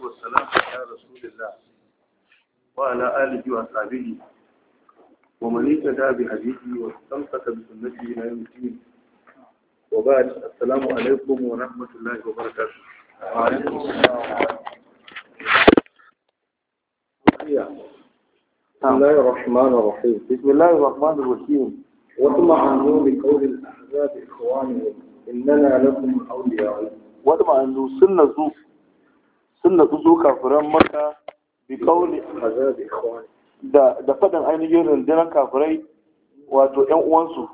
والسلام على رسول الله وعلى آله وأصحابه ومن اهتدى بهديه واستمسك بسنته إلى يوم الدين وبعد السلام عليكم ورحمة الله وبركاته وعليكم السلام بسم الله الرحمن الرحيم بسم الله الرحمن الرحيم وثم عنه بقول الأحزاب إخواني إننا لكم أولياء وثم عنه سنة زوف sun natsu su kafiran maka bi kauli da da fadan ainihin rundunar kafirai wato yan uwansu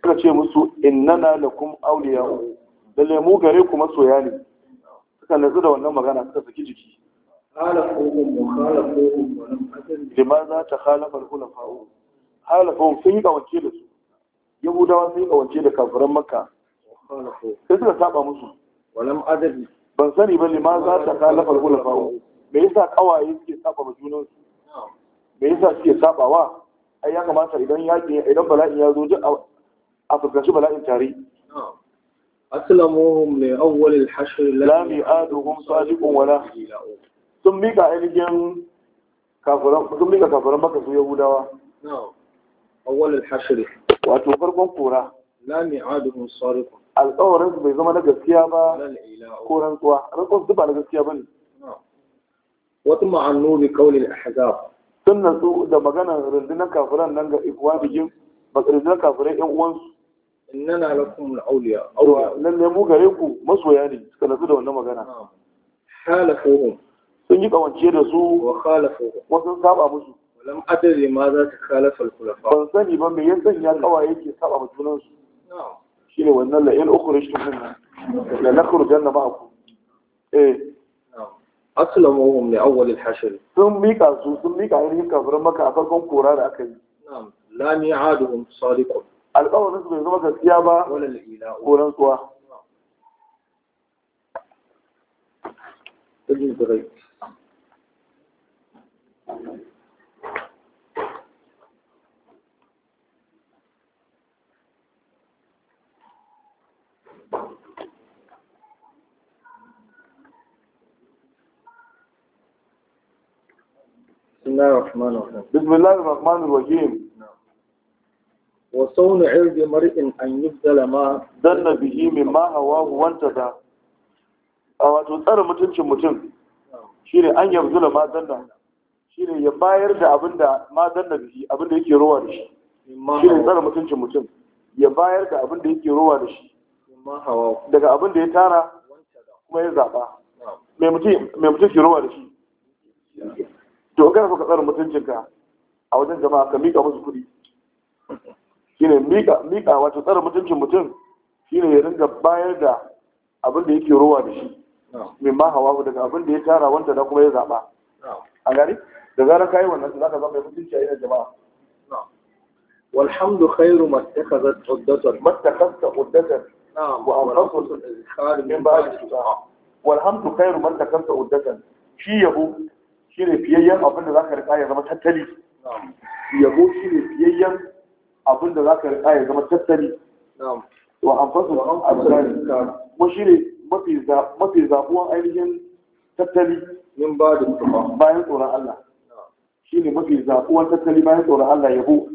suka ce musu innana lakum awliya da lemu gare kuma soya ne suka natsu da wannan magana suka saki jiki limaza ta khalafa al hala halafahum sun yi kawance da su yahudawa sun yi kawance da kafiran maka sai suka saba musu walam adabi ban sani ba ma za ta kalafar hulafawo me yasa kawaye suke saba ma junansu? su me yasa suke wa? ai ya kamata idan yaƙi idan bala'in ya zo duk a fuskanci bala'in tare aslamuhum li awwal al-hashr la mi'aduhum sadiqun wala sun mika ainihin kafiran sun mika kafiran baka su yahudawa awwal al-hashr wato farkon kora la mi'aduhum sadiqun alƙawarin su bai zama na gaskiya ba ko rantsuwa rantsuwa su ba na gaskiya ba ne wata ma'annu kawai a haza. sun natsu da maganar rundunar kafiran nan ga ikuwa bikin rundunar kafiran yan uwansu na lakum al-awliya nan ne mu gare ku masoya ne suka nasu da wannan magana halafuhum sun yi kawance da su wa khalafuhum wasu saba musu lam adri ma za ta khalafa al-khulafa ban sani ba me ya sanya kawaye ke saba mutunan su na'am كيلو وإن الله إيه الأخرج منها لنخرج أنا معكم إيه أسلموهم لأول الحشر ثم ميكا سو ثم ميكا عينهم كفر مكا أفركم كورا رأكل نعم لا ميعادهم صادق الأول نسبة يزمى كثيابة ولا الإله ولا نسوة نعم تجيب بغيت Thank you. bismillahir rahmanir rahim wa saunu irdi an yubdala ma danna bihi mimma hawahu wantada a wato tsare mutuncin mutum shine an yabzula ma danna shine ya bayar da abinda ma danna bihi abinda yake rowa da shi shine tsare mutuncin mutum ya bayar da abinda yake rowa da shi daga abinda ya tara kuma ya zaba mai mutum ke rowa da shi to kana so ka tsara mutuncinka a wajen jama'a ka miƙa musu kuɗi shine miƙa mika wato tsara mutuncin mutum shine ya ringa bayar da abin da yake rowa da shi min ma hawa daga abin da ya tara wanda da kuma ya zaɓa a gani da zarar kayi wannan za ka zama mai mutunci a irin jama'a والحمد خير ما اتخذت عدة ما اتخذت عدة نعم وأنقص من بعد الشفاعة والحمد خير ما اتخذت عدة shi yabo shi ne fiyayyen abin da za ka riƙa ya zama tattali yabo shi ne fiyayyen abin da za ka riƙa ya zama tattali wa amfasu abdani kuma shi ne mafi zaɓuwan ainihin tattali bayan tsoron Allah shi ne mafi zaɓuwan tattali bayan tsoron Allah yabo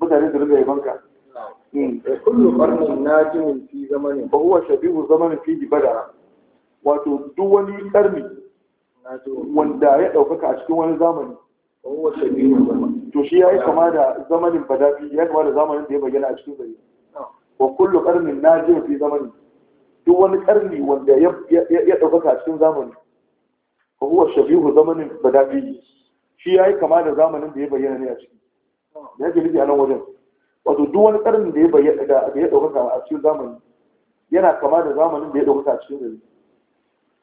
mutane su riga yabanka hmm. kullu qarnin najimin fi zamanin Ba huwa shabihu zamanin fi badara wato duk wani karni wanda ya ɗaukaka a cikin wani zamani to shi ya yi kama da zamanin badafi ya kama da zamanin da ya bayyana a cikin zai wa kullu karnin na ji fi zamani duk wani karni wanda ya ɗaukaka a cikin zamani fa huwa shabihu zamanin badafi shi ya yi kama da zamanin da ya bayyana ne a ciki da yake nufi a nan wajen wato duk wani ƙarni da ya ɗaukaka a cikin zamani yana kama da zamanin da ya ɗaukaka a cikin zai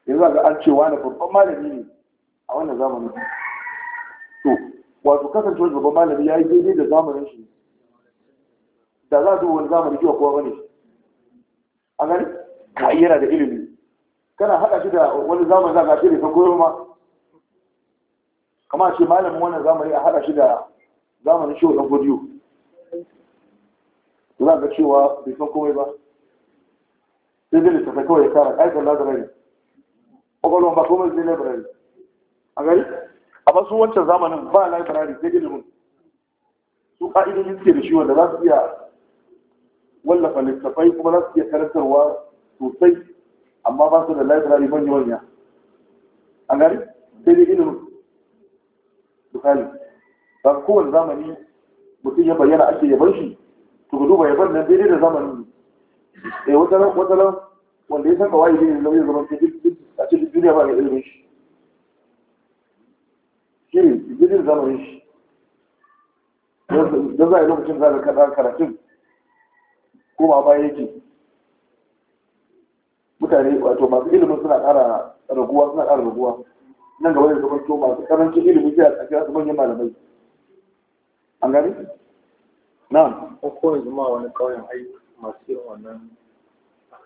yanzu ga an cewa na babban malami ne a wannan zamanin to wato kasancewar babban malami ya yi daidai da zamanin shi da za zuwa wani zamani kiwa kowa bane a gani ka yana da ilimi kana haɗa shi da wani zamani za ka ce da koyo ma kama ce malamin wannan zamani a haɗa shi da zamanin shi wajen godiyo za ga cewa bai san komai ba sai zai littafa kawai ya kara ƙaifin lazarai ƙwaƙwalwa ba kuma zai library a gari a masu wancan zamanin ba library sai ilimin su ƙa'idodi suke da shi wanda za su iya wallafa littattafai kuma za su iya karantarwa sosai amma ba su da library manya manya a gari sai dai ilimin kali ba kowane zamani mutum ya bayyana ake yaban shi to ku duba yaban nan daidai da zamanin ne eh wata wanda ya san kawai zai zama cikin duniya ba ga ne kadar a Kum abayı za Bu tane masu ilimin suna raguwa suna zaman masu ilimin a kira su manyan malamai an gani na akwai jama'a wani ƙauyen masu wannan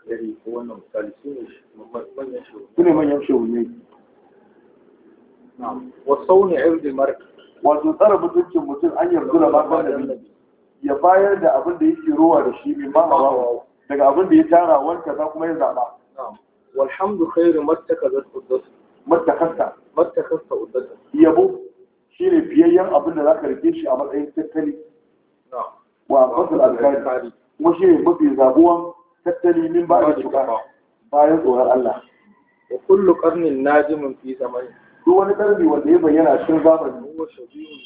alheri ko wannan misali su ne manyan shehunai wa sauni irdil wato tsara mutuncin mutum an yarda da ba da ya bayar da abin da yake ruwa da shi min ba ba daga abin da ya tara wanka za kuma ya zaɓa. walhamdu khairu mattakazat uddat mattakasta mattakasta uddat yabo shine fiyayyen abin da zaka rike shi a matsayin tattali wa abdul alkhairi kuma shine mafi zabuwan tattali min ba da shuka bayan tsoron Allah wa kullu qarnin najimun fi zamani duk wani karni wanda ya bayyana cikin zamani wa shabihun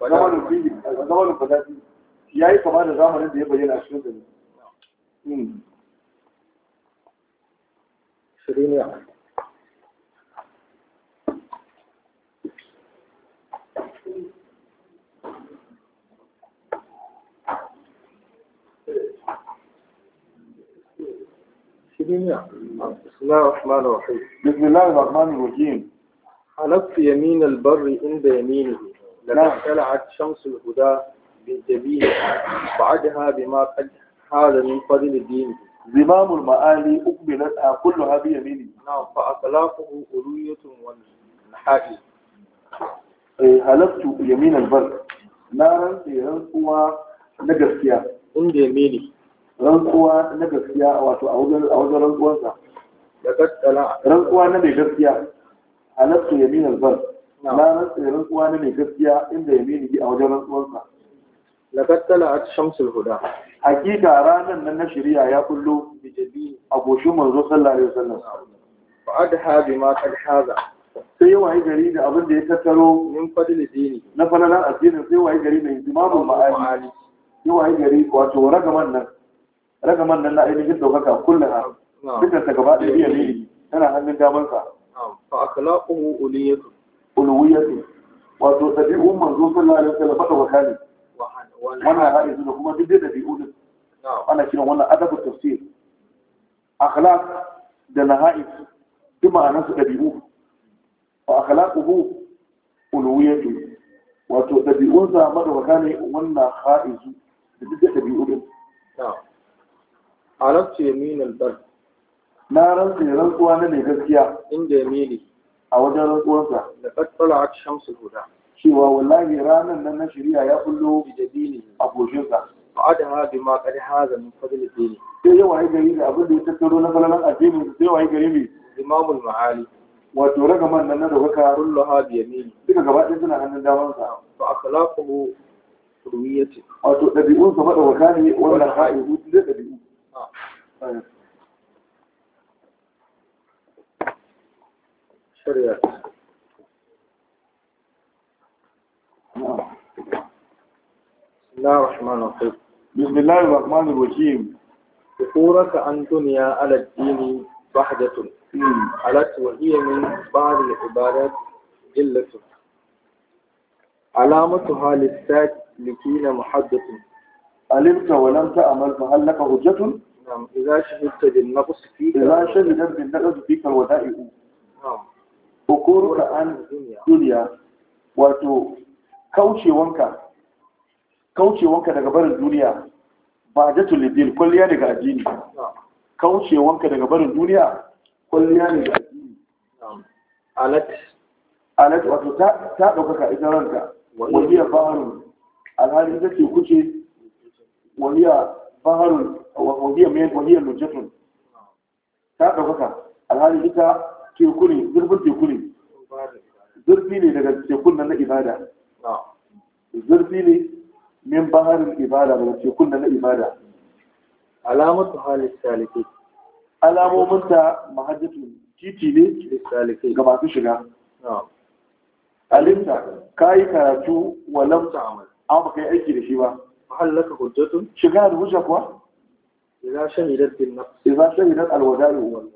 zamanin fi zamanin fadadi yayi kama da zamanin da ya bayyana cikin zamani hmm. shiriniya duniya بسم الله الرحمن الرحيم بسم الله الرحمن الرحيم حلفت يمين البر عند يمينه لقد طلعت شمس الهدى بالجبين بعدها بما قد حال من فضل دينه زمام المآلي أقبلتها كلها بيمينه نعم فأخلاقه ألوية والنحائي حلفت يمين البر نارا في رنقها نجسيا عند يمينه rantsuwa na gaskiya wato a wajen rantsuwarsa rantsuwa na mai gaskiya a nafsu yamin albar na rantsuwa na mai gaskiya inda ya yi a wajen rantsuwarsa kattala a shamsul huda hakika ranan nan na shari'a ya kullu a goshin manzo sallallahu alaihi wasallam fa da bima qad haza sai ya wayi gari da abin da ya tattaro min fadli dini na falalan addinin sai wayi gari mai imamu ma'ali ya wayi gari wato ragaman nan ragaman nan na ainihin ɗaukaka kullum ha dukkan ta gaba ɗaya ne tana hannun damar sa fa akhlaquhu uliyatu uluwiyatu wato ɗabi'un manzo sallallahu alaihi wasallam bada wakali wannan ra'izu da kuma duk da ɗabi'u din ana kiran wannan adabu tafsir akhlaq da nahai duk ma'anar su ɗabi'u fa akhlaquhu uluwiyatu wato ɗabi'unsa mada wakali wannan ra'izu da duk da ɗabi'u din arabtu yamin albar na rantsa ya rantsuwa na ne gaskiya inda ya yamini a wajen rantsuwarsa da kattala a shamsul guda. cewa wallahi ranar nan na shirya ya kullo bi bidabini a goshinsa fa'adaha bima qad haza min fadl dini sai ya waye gari da abin da ya tattaro na falalan addini sai waye gari ne imamul ma'ali wato ragaman nan na daukaka rullaha bi yamini duka gaba ɗaya suna hannun daman sa fa akhlaquhu ruwiyati wato ɗabi'unsa sa madaukaka ne wannan ha'ihu da dabi'u شريعة بسم الله الرحمن الرحيم بسم الله الرحمن الرحيم ذكورك عن دنيا على الدين وحدة علت وهي من بعض العبادات جلة علامتها لكين محدث alimta wa lam ta'mal fa hal laka hujjatun na'am idza shahidta bin nafs fi idza shahidta bin nafs fi kal wada'i'u na'am ukuruka an dunya wato kaucewanka kaucewanka daga barin duniya ba da tulidin kulliya daga addini kaucewanka daga barin duniya kulliya ne daga addini alat alat wato ta ɗaukaka ita ranka wani ya faru alhali ita ce kuce wahiya baharun ta ɗaukaka alhali ita teku ne zurfin teku ne zurfi ne daga tekun nan na ibada zurfi ne min baharin ibada daga tekun nan na ibada alamatu titi ne ga masu shiga alimta ka yi karatu wa lamta ka kai aiki da shi ba hallaka hujjatun da hujja kuwa idan shahidat idan shahidat alwada'i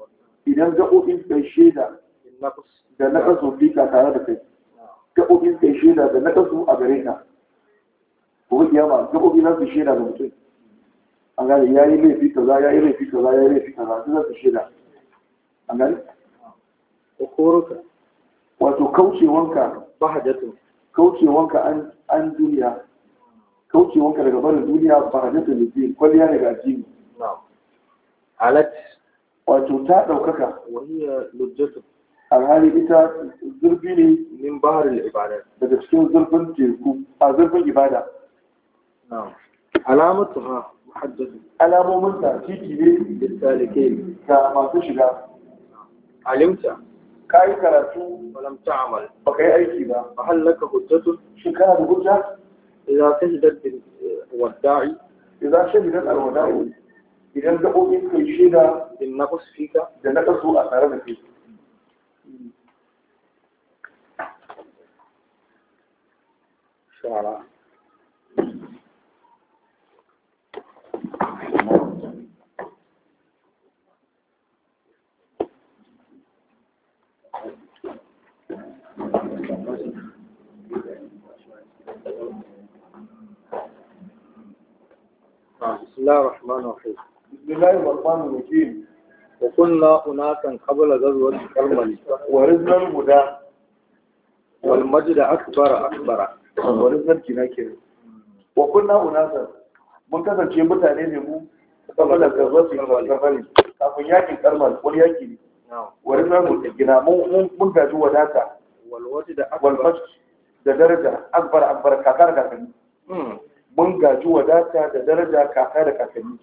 idan gaɓoɓin kai shaida da na ƙasu da kai gaɓoɓin kai shaida da na a gare ka gobe kiyama gaɓoɓi za su shaida ga mutum an gane ya yi laifi kaza ya yi laifi kaza ya yi laifi kaza su shaida wato an duniya Kauce wanka daga barin duniya ba a da ne kwalliya daga addini alat wato ta ɗaukaka wahiyar lujjatu alhali ita zurfi ne min baharin ibada daga cikin zurfin teku a zurfin ibada alamatu ha muhaddadu alamomin ta titi ne da salike ga masu shiga alimta ka yi karatu ba ta amal ba ka yi aiki ba ba hallaka hujjatu shin kana da hujja إذا شهدت الوداعي إذا شهدت الوداعي idan gaɓoɓin kai shaida da na kasu da na kasu a tare da kai shara بسم الله الرحمن الرحيم بسم الله الرحمن الرحيم وكنا أناسا قبل غزوة كرمل ورزنا المدى والمجد أكبر أكبر ورزنا الكناكر وكنا أناسا mun kasance mutane ne mu kamar da gaba kafin yakin karmal wani yaki ne wani nan mu gina mun gaji wadata walwaji da akbar da kakar mun gaji wadata da daraja kaka da kakanni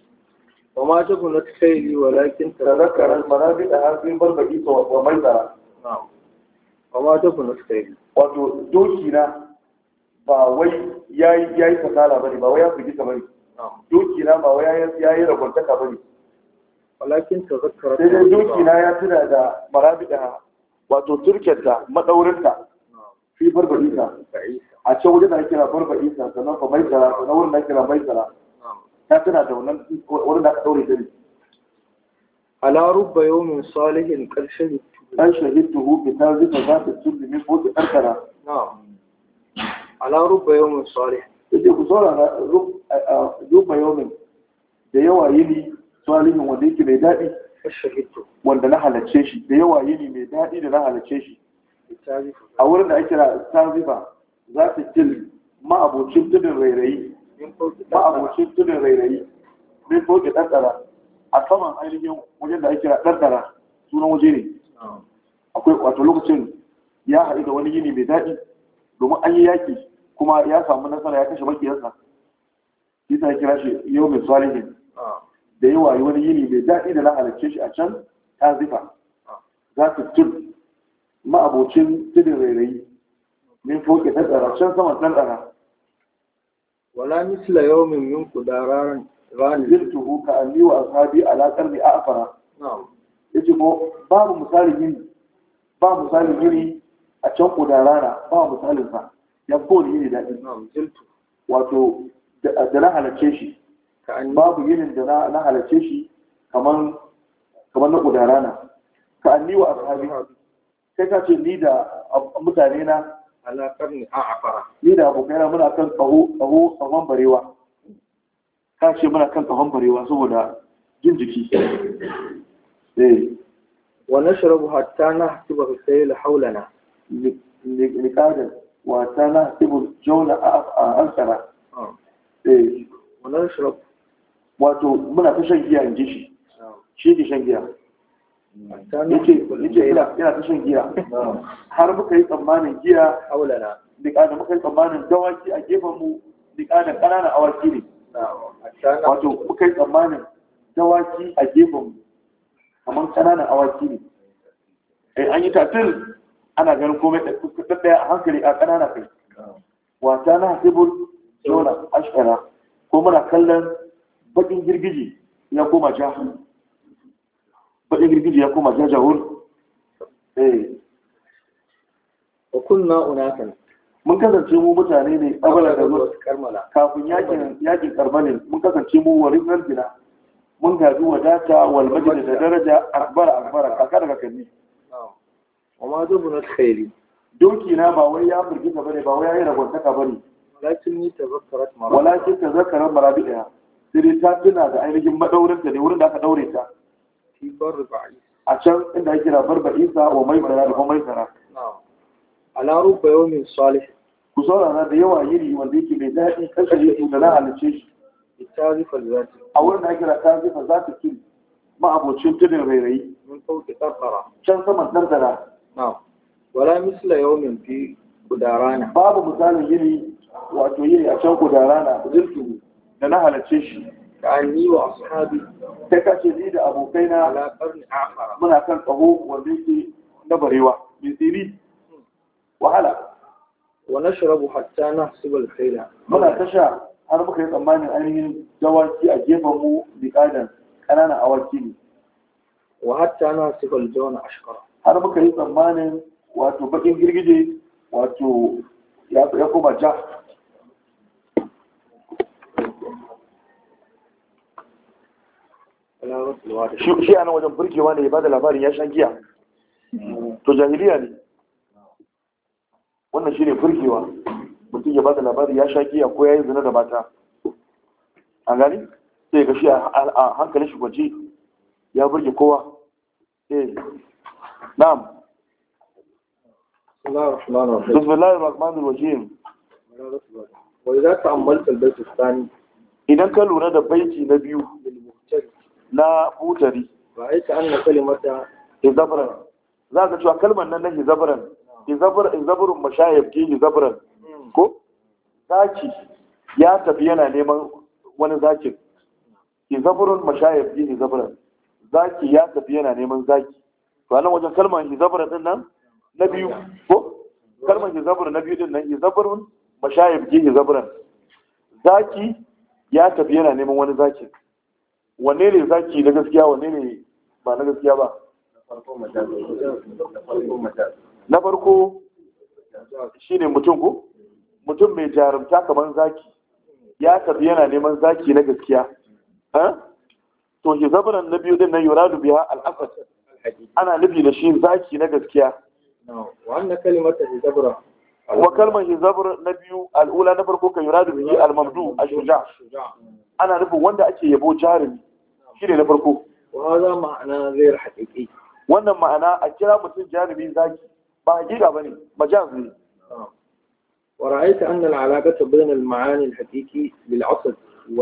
ba ma ta kuna kaili walakin tazakkaran bi da hazin barbaki wa mai da wa ma ta kuna kaili wato doki na ba wai ya yi kasala bane ba wai ya fi ba bane doki na ba wai yayi rabuntaka bane walakin tazakkaran sai dai doki na ya tuna da marabi da wato ta madaurinta fi barbaki ta a ce wajen da kira barba sannan mai tsara sannan wurin da mai tsara ta tana da wannan wurin da aka daure dare ala rubba yawmin salihin karshen an shahidtuhu bi tazika za ta tulli min fuki arkara na'am ku saurara rubba yawmin da yawa yini salihin wanda yake mai daɗi wanda na halarce shi da yawa yini mai daɗi da na halarce shi a wurin da ake kira za su ma ma'abocin tunin rairayi ma'abocin tunin rairayi min foke ɗanɗara a saman ainihin wajen da ake ɗanɗara sunan waje ne akwai wato lokacin ya haɗu da wani yini mai daɗi domin an yi yaƙi kuma ya samu nasara ya kashe makiyarsa shi ta kira shi yau mai salihin da yawa wani yini mai daɗi da na halarce shi a can ta zifa za su tun ma'abocin tudin rairayi min foke ɗanɗara can saman ɗanɗara wala misla yawmin min kudararan rani zirtuhu ka alli wa ashabi ala qarni afara yace ko babu misalin yini ba misalin yini a can kudarara ba misalin sa ya ko yini daɗi wato da na halarce shi babu yinin da na halarce shi kamar na kudarana ka alli wa ashabi kai ka ce ni da mutane na ala karni a afara ni da abokaina muna kan tsaho tsaho barewa ka ce muna kan saboda jin jiki eh. wa nashrabu hatta liqadan wa jawla a ansara ah. eh wa nashrabu wato muna ta shan giya in ji shi ah. yake ina yana ta shan giya har muka yi tsammanin giya aulana dika muka yi tsammanin dawaki a gefen mu dika da ƙananan awaki ne wato muka yi tsammanin dawaki a gefen mu kamar ƙananan awaki ne eh an yi tatil ana ganin komai da ɗaya a hankali a ƙanana kai wata na hasibul zona ashkara ko muna kallon bakin girgije ya koma jahan baɗin girgiji ya koma wuri eh wa na unatan mun kasance mu mutane ne abala da zuwa karmala kafin yakin yakin karmalin mun kasance mu warin dina mun gaji wadata wal majlis da daraja akbar akbar kaka daga kanni wa ma zubuna tsayari doki na ba wai ya ba ne, ba wai ya yi ragwantaka ne walakin ta zakarar marabi ɗaya tazakkarat marabi ta tuna da ainihin madaurinta ne wurin da aka daure ta fi barba'i a can inda ake kira barba'i sa wa mai tsara da kuma mai tsara ala rubba yawmin salih ku saurara da yawa yiri wanda yake mai daɗi kankare su da na halice shi tarifa zati a wurin da ake kira tarifa zati kin ma abocin tudin rairayi mun sauke tsara can saman tsara na'am wala misla yawmin fi kudarana babu misalin yiri wato yiri a can kudarana ziltu da na halice shi da anni wa ashabi ta kace ni da abokaina ala qarni akhar muna kan tsaho wanda yake na barewa mai wahala wa nashrabu hatta nahsibu al-khayla muna tasha har muka yi tsammanin ainihin dawaki a gefen mu biƙadan ƙananan awaki ne wa hatta nahsibu al-jawana ashkara har muka yi tsammanin wato bakin girgije wato ya koma ja shi a wajen burgewa ne ya ba da labarin ya sha giya to jahiliya ne wannan shi ne burgewa mutum ya ba da labarin ya sha giya ko ya yi zina da mata an gani sai ga shi a hankalin shi kwanci ya burge kowa eh na'am bismillahir rahmanir rahim wa idza ta'ammalta al-bayt idan ka lura da baiti na biyu na butari ba aika an na kalimata hizabran za ka cewa kalmar nan na hizabran hizabrun mashayar ke hizabran hmm. ko zaki ya tafi yana neman wani zakin hizabrun mashayar ke hizabran zaki ya tafi yana neman zaki to nan wajen kalmar hizabran din nan na biyu ko kalmar hizabr na biyu din nan hizabrun mashayar ke hizabran zaki ya tafi yana neman wani zakin wanne ne zaki na gaskiya wanne ne ba na gaskiya ba na farko shi ne mutum ko mutum mai jarumta kamar zaki ya tafi yana neman zaki na gaskiya to shi zabaran na biyu din na yuradu biya al'afat ana nufi da shi zaki na gaskiya wannan kalimar ta zabra wa kalmar hizabar na biyu al'ula na farko kan yura da biyu al a shuja ana nufin wanda ake yabo jarumi shi ne na farko wannan ma'ana a kira mutum jarumi zaki ba hakika ba ne majaz ne ورأيت أن العلاقة بين المعاني الحقيقي للعصد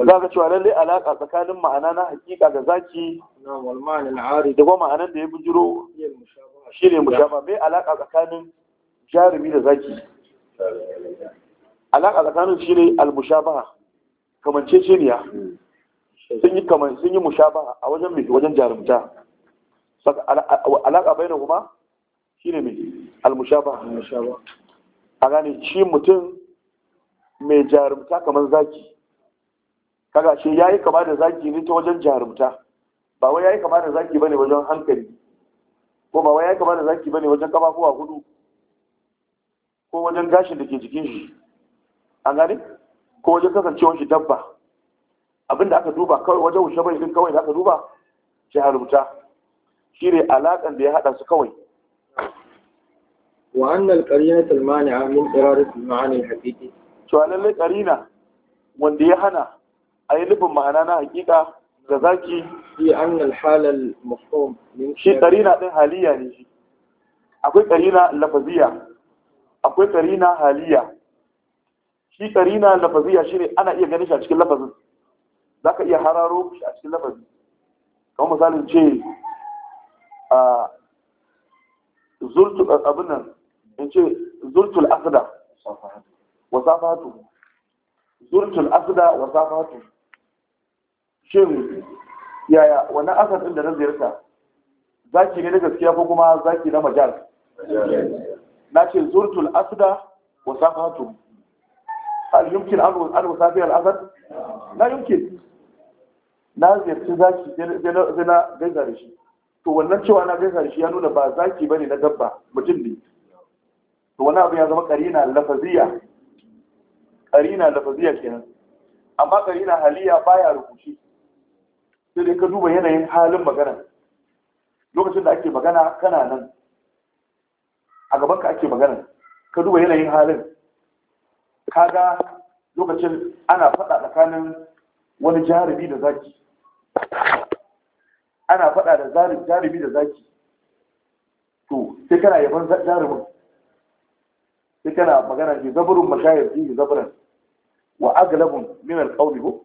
zaka cewa lallai alaka tsakanin ma'ana na hakika da zaki da kuma ma'anan da ya bujiro shi ne mushaba bai alaka tsakanin jarumi da zaki alaƙa tsakanin shi ne almushabaha kamanceceniya sun yi kamar sun yi mushabaha a wajen mai wajen jarumta saka alaƙa bai kuma shi ne mai almushabaha a gane shi mutum mai jarumta kamar zaki kaga shi ya yi kama da zaki ne ta wajen jarumta ba wai ya yi kama da zaki bane wajen hankali ko ba wai ya yi kama da zaki bane wajen kafafuwa hudu ko wajen gashin da ke jikin shi an gane ko wajen kasancewar shi dabba abinda aka duba kawai wajen wuce bai din kawai da aka duba shi harumta shi ne alaƙan da ya haɗa su kawai wa annal qarinat al a min iradat al ma'ani al haqiqi to lalle qarina wanda ya hana a yi nufin ma'ana na haƙiƙa da zaki fi annal halal mafhum shi qarina din haliya ne shi akwai qarina lafaziya akwai karina haliya shi karina lafaziya shi ne ana iya ganin shi a cikin lafazin za ka iya hararo shi a cikin lafazin kamar misalin ce a zurtul abin in ce zurtul asda wa safatu zurtul asda wa safatu shin yaya wani asad da na ziyarta zaki ne na gaskiya ko kuma zaki na majal na ce zurtul asida wa safatu hal yumkin an wasafi al'asad na yumkin na ziyarci zaki zai na gaisa da shi to wannan cewa na gaisa da shi ya nuna ba zaki bane na dabba mutum ne to wani abu ya zama karina lafaziya karina lafaziya kenan amma karina haliya baya rubuci sai dai ka duba yanayin halin magana lokacin da ake magana kana nan a gaban ka ake magana ka duba yanayin halin kaga lokacin ana faɗa tsakanin wani jarumi da zaki ana faɗa da jarumi da zaki to sai kana yaban jarumin sai kana magana ke zaburin mashayar ke zaburin wa agalabun minar tsauni ko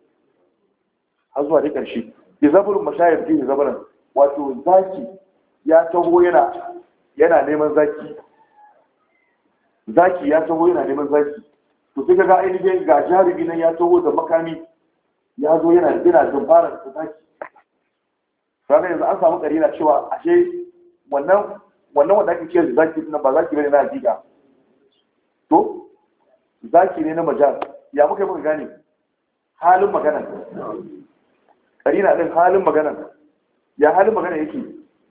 har zuwa dai karshe ke zaburin mashayar ke zaburin wato zaki ya taho yana yana neman zaki zaki ya taho yana neman zaki to sai kaga ainihin ga jarumi nan ya taho da makami ya zo yana yana fara da zaki sai yanzu an samu karina cewa ashe wannan wannan wanda ake ce zaki din ba zaki bane na hakika to zaki ne na majal ya muka yi muka gane halin magana karina din halin magana ya halin magana yake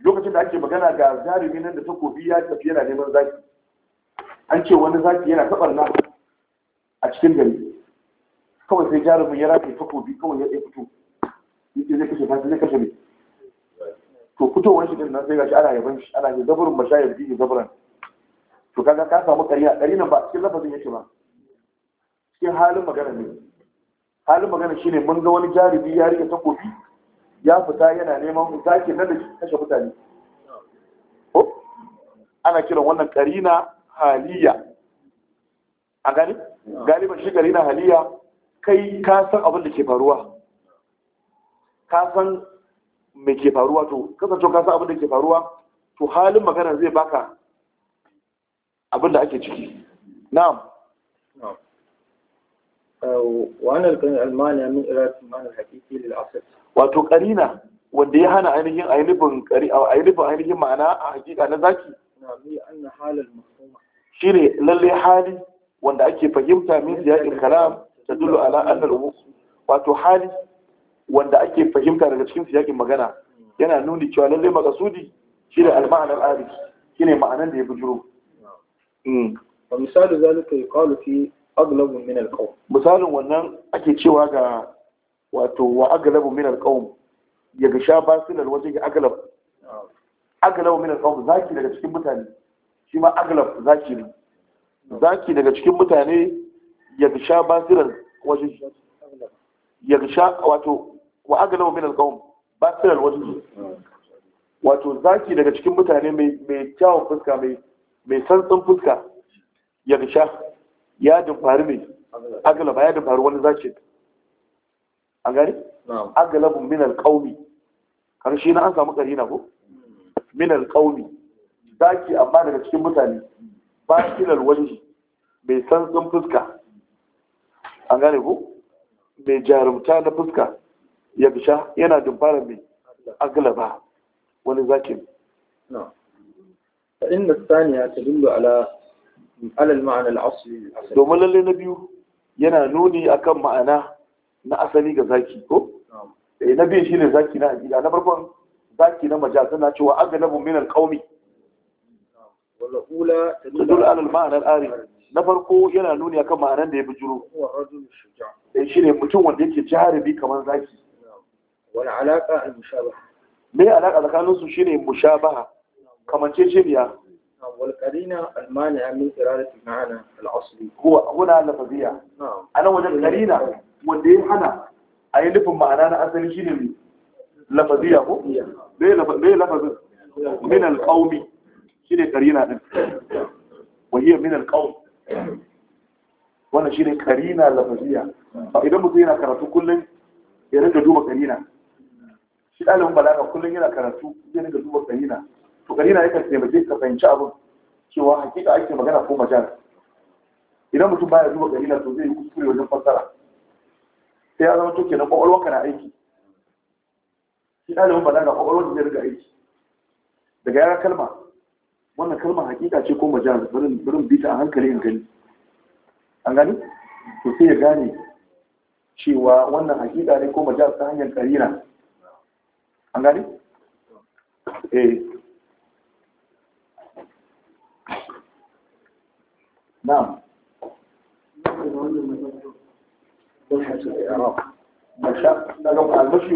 lokacin da ake magana ga jarumi nan da takobi ya tafi yana neman zaki an ce wani zaki yana ta barna a cikin gari kawai sai jarumin ya rataye takobi kawai ya fito yake zai kashe fasi zai kashe ne to fitowar shi din nan sai gashi ana yaban shi ana yi zaburin mashayar biyu zaburan to kaga ka samu ƙarya ƙari nan ba cikin lafazin yake ba cikin halin magana ne halin magana shine mun ga wani jarumi ya rike takobi ya fita yana neman zaki nan da kashe mutane ana kiran wannan ƙarina. haliya a gani galiban shi gari na haliya kai ka san abin da ke faruwa ka san me ke faruwa to kasance ka san abin da ke faruwa to halin magana zai baka abin da ake ciki na'am وأنا المانع من wanda ya hana ainihin ainihin ainihin ma'ana a hakika na zaki na mi anna halal shine lalle hali wanda ake fahimta min ziyadin kalam tadullu ala anna al wato hali wanda ake fahimta daga cikin ziyadin magana yana nuni cewa lalle makasudi shine al-ma'na al-arif shine ma'anan da ya bujuro hmm. wa misalu zalika yuqalu fi aglab min al-qawm misalin wannan ake cewa ga wato wa aglabu min al-qawm ya ga sha basilal wajhi aglab aglabu min al-qawm zaki daga cikin mutane shi ma aglab zaki ne zaki daga cikin mutane ya sha basiran wajen ya sha wato wa aglab min alqawm basiran wajen wato zaki daga cikin mutane mai kyawun fuska mai santsan fuska ya sha ya dumfari mai aglaba ya dumfari wani zaki a gari aglabun min alqawmi karshe na an samu karina ko hmm. min alqawmi zaki amma daga cikin mutane ba kilar wani mai santsin fuska an gane ku mai jarumta na fuska ya bisha yana dumfara mai aglaba wani zakin saniya ta تدل ala على ma'ana الأصلي domin lalle na biyu yana nuni akan ma'ana na asali ga zaki ko eh na biyu shine zaki na hakika na farkon zaki na majalisa na cewa aglabu minal qaumi والأولى تدل على na farko yana nuni akan ma'anar da ya bijiro eh, shi ne mutum wanda yake jarabi kamar zaki wani alaƙa al mushabaha me alaƙa tsakanin mushabaha kamance ce biya wal qarina al mani'a min iradati ma'ana wajen wanda ya hana a yi nufin ma'ana na asali ne lafaziya ko me lafazin min al shine karina din wahiyar min alqawl wannan shine karina lafaziya idan mutum yana karatu kullum ya rinka duba karina shi ɗalibin balaga kullum yana karatu zai rinka duba karina to karina yakan taimake ka fahimci abin cewa hakika ake magana ko majal idan mutum baya duba karina to zai yi kuskure wajen fassara sai ya zama to kenan ka na aiki shi ɗalibin balaga kwakwalwar zai rinka aiki daga yara kalma wannan kalmar hakika ce ko majal barin barin bita a hankali in gani an gani to sai ya gane cewa wannan hakika ne ko majal ta hanyar karina an gani eh na'am da shi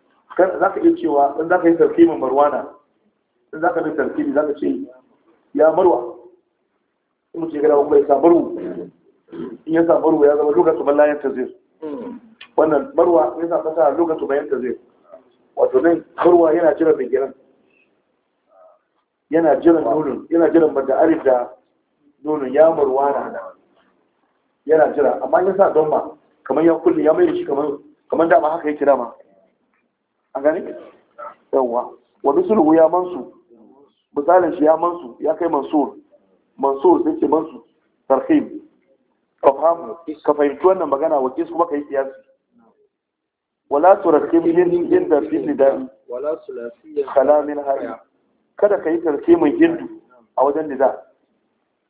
za ka iya cewa in za ka yi sarki tarkimin na, in za ka yi sarki ne za ka ce ya marwa in mutu ya gada kuma ya sabaru in ya sa sabaru ya zama lokacin ban ballayen tazir wannan marwa ya sa kasa lokacin bayan tazir wato nan marwa yana jiran mai giran yana jiran nonon yana jiran banda arif da nonon ya marwa na, yana jira amma ya sa don ma kamar ya kulle ya mai shi kamar dama haka ya yake ma. a gani yawwa wa ya mansu misalin shi ya mansu ya kai mansur mansur sai ce mansu tarhim ka ka fahimci wannan magana wakil kuma ka yi siyasi wala turkim min inda fi ni da kalamin hari kada ka yi mai hindu a wajen nida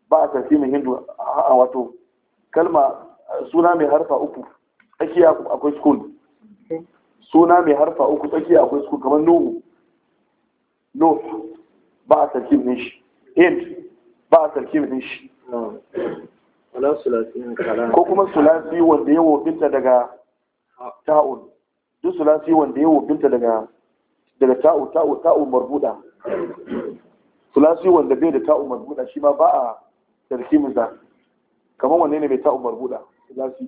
ba a mai hindu a wato kalma suna mai harfa uku tsakiya akwai school suna mai harfa uku tsakiya akwai su kamar nuhu nuh ba a sarki din shi hind ba a sarki din shi ko kuma sulasi wanda ya wofinta daga ta'un duk sulasi wanda ya wofinta daga daga ta'u ta'u ta'u marbuda sulasi wanda bai da ta'u marbuda shi ma ba a tarkibin za. kamar wanne ne mai ta'u marbuda sulasi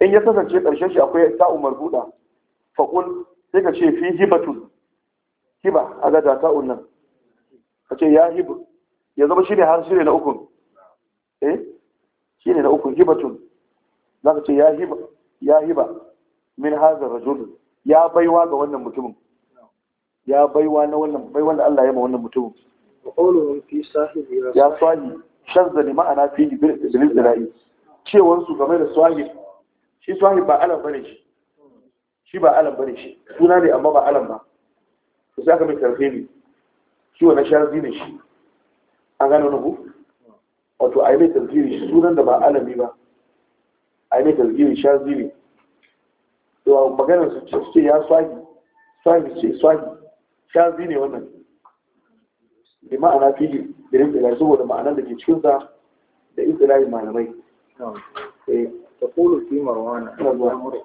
in ya kasance ƙarshen shi akwai ta'un marbuda faƙul sai ka ce fi hibatun hiba a gada ta'un nan ka ce ya hibu ya zama shi ne har shi ne na ukun eh shi ne na ukun hibatun za ka ce ya hiba min hazar rajul ya baiwa ga wannan mutumin ya baiwa na wannan baiwa da Allah ya ma wannan mutumin ya sahi shan ne ma'ana fi da bil zira'i cewar su game da sahib shi sahib ba alam bane shi shi ba alam bane shi suna ne amma ba alam ba su sa aka mai karfe ne shi na sha ne shi an gano na ku wato ai mai tazkiri shi sunan da ba alami ba ai mai tazkiri sharadi ne to maganar su ce ya swagi swagi ce swagi Sha ne wannan bi ma'ana fili da rin saboda ma'anar da ke cikinsa da istilahin malamai تقول في مروان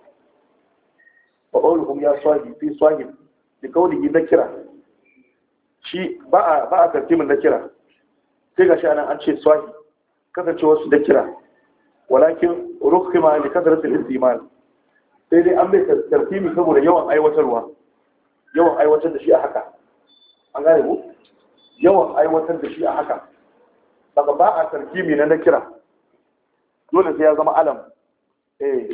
وقولهم يا صاحبي في صاحب لقوله ذكرى shi ba a tartibin dakira sai ga انا an ce swahi kasancewar su dakira walakin rukima da sai dai an bai tartibi saboda yawan aiwatarwa yawan aiwatar da shi a haka an gane ku yawan aiwatar da shi a haka daga ba a na nakira dole sai ya zama alam eh